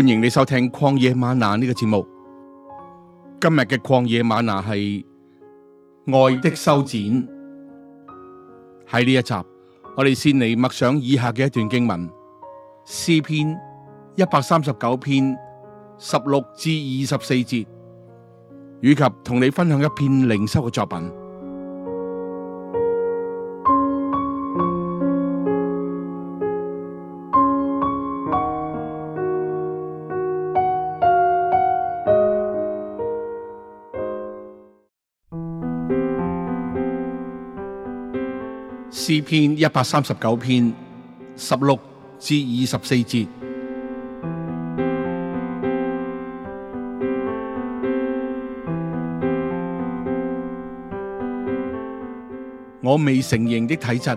歡迎你收聽曠野嗎哪呢個節目。今日嘅曠野嗎哪係愛的修剪，喺呢一集，我哋先嚟默想以下嘅一段經文，詩篇一百三十九篇十六至二十四節，與及同你分享一篇靈修嘅作品。詩篇一百三十九篇十六至二十四節，我未成形的體質，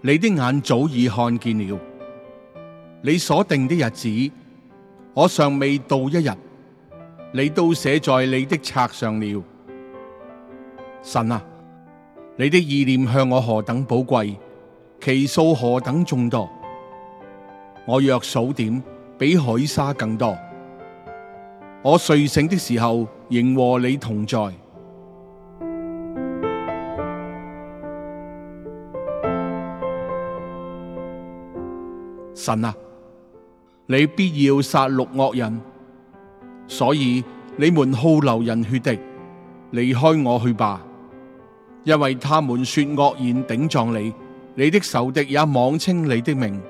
你的眼早已看見了。你所定的日子，我尚未到一日，你都寫在你的冊上了。神啊！你的意念向我何等寶貴，其數何等眾多，我若數點，比海沙更多。我睡醒的時候，仍和你同在。神啊，你必要殺戮惡人，所以你們好流人血的，離開我去吧。因為他們說惡言頂撞你，你的仇敵也妄稱你的名。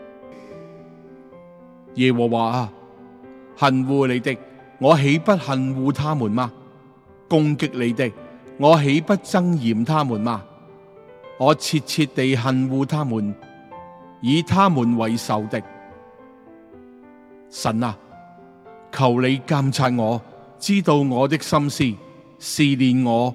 耶和華啊，恨護你的，我豈不恨護他們嗎？攻擊你的，我豈不憎嫌他們嗎？我切切地恨護他們，以他們為仇敵。神啊，求你監察我，知道我的心思，試煉我。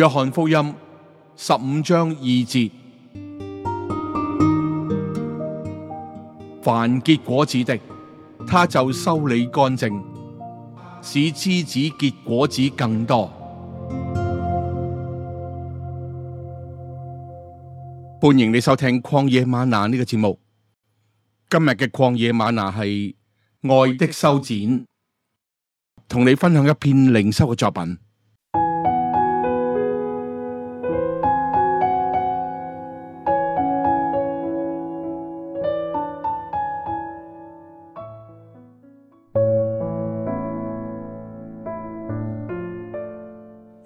約翰福音十五章二節：凡結果子的，他就修理乾淨，使枝子結果子更多。歡迎你收聽曠野嗎哪呢個節目。今日嘅曠野嗎哪係愛的修剪，同你分享一篇靈修嘅作品。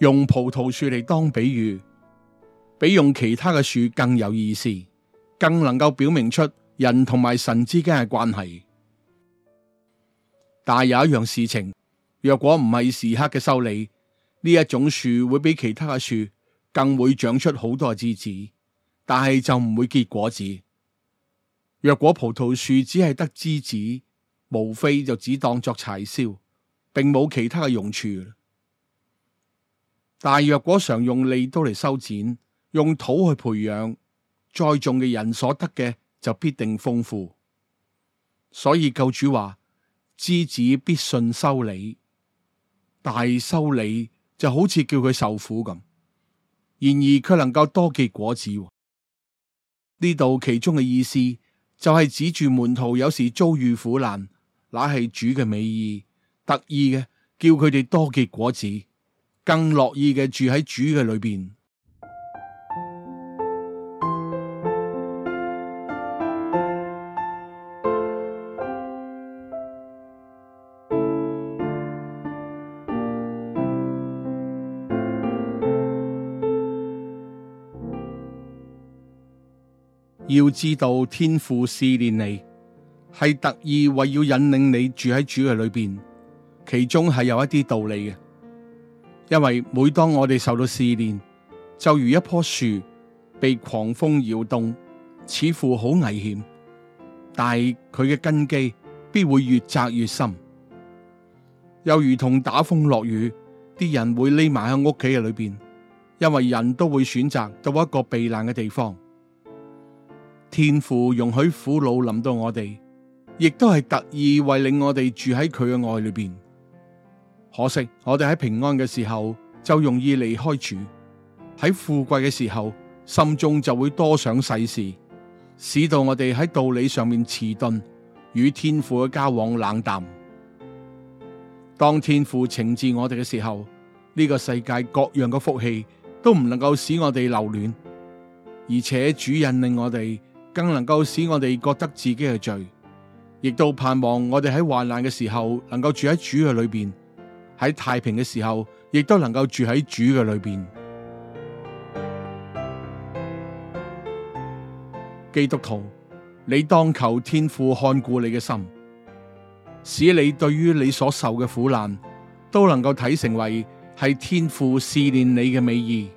用葡萄樹嚟，當比喻，比用其他嘅樹更有意思，更能夠表明出人同埋神之間嘅關係。但係有一樣事情，若果唔係時刻嘅修理，呢一種樹會比其他嘅樹更會長出好多枝子，但係就唔會結果子。若果葡萄樹只係得枝子，無非就只當作柴燒，並冇其他嘅用處。但若果常用利刀嚟修剪，用土去培養，栽種嘅人所得嘅就必定豐富。所以救主話：知子必信修理，大修理就好似叫佢受苦咁，然而佢能夠多結果子。呢度其中嘅意思就係指住門徒有時遭遇苦難，乃係主嘅美意，特意嘅叫佢哋多結果子。更樂意嘅住喺主嘅裏邊。要知道天父試煉你，係特意為要引領你住喺主嘅裏邊，其中係有一啲道理嘅。因為每當我哋受到試煉，就如一棵樹被狂風搖動，似乎好危險，但係佢嘅根基必會越紮越深。又如同打風落雨，啲人會匿埋喺屋企嘅裏邊，因為人都會選擇到一個避難嘅地方。天父容許苦惱諗到我哋，亦都係特意為令我哋住喺佢嘅愛裏邊。可惜我哋喺平安嘅時候就容易離開主，喺富貴嘅時候心中就會多想世事，使到我哋喺道理上面遲鈍，與天父嘅交往冷淡。當天父懲治我哋嘅時候，呢個世界各樣嘅福氣都唔能夠使我哋留戀，而且主引令我哋更能夠使我哋覺得自己係罪，亦都盼望我哋喺患難嘅時候能夠住喺主嘅裏邊。喺太平嘅時候，亦都能夠住喺主嘅裏邊。基督徒，你當求天父看顧你嘅心，使你對於你所受嘅苦難都能夠睇成為係天父試煉你嘅美意。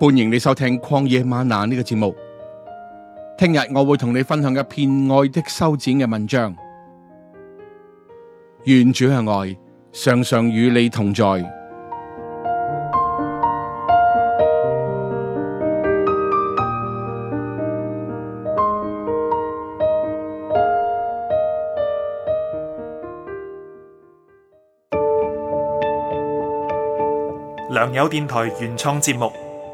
歡迎你收聽曠野嗎哪呢個節目。聽日我會同你分享一篇愛的修剪嘅文章。願主嘅愛常常與你同在。良友電台原創節目。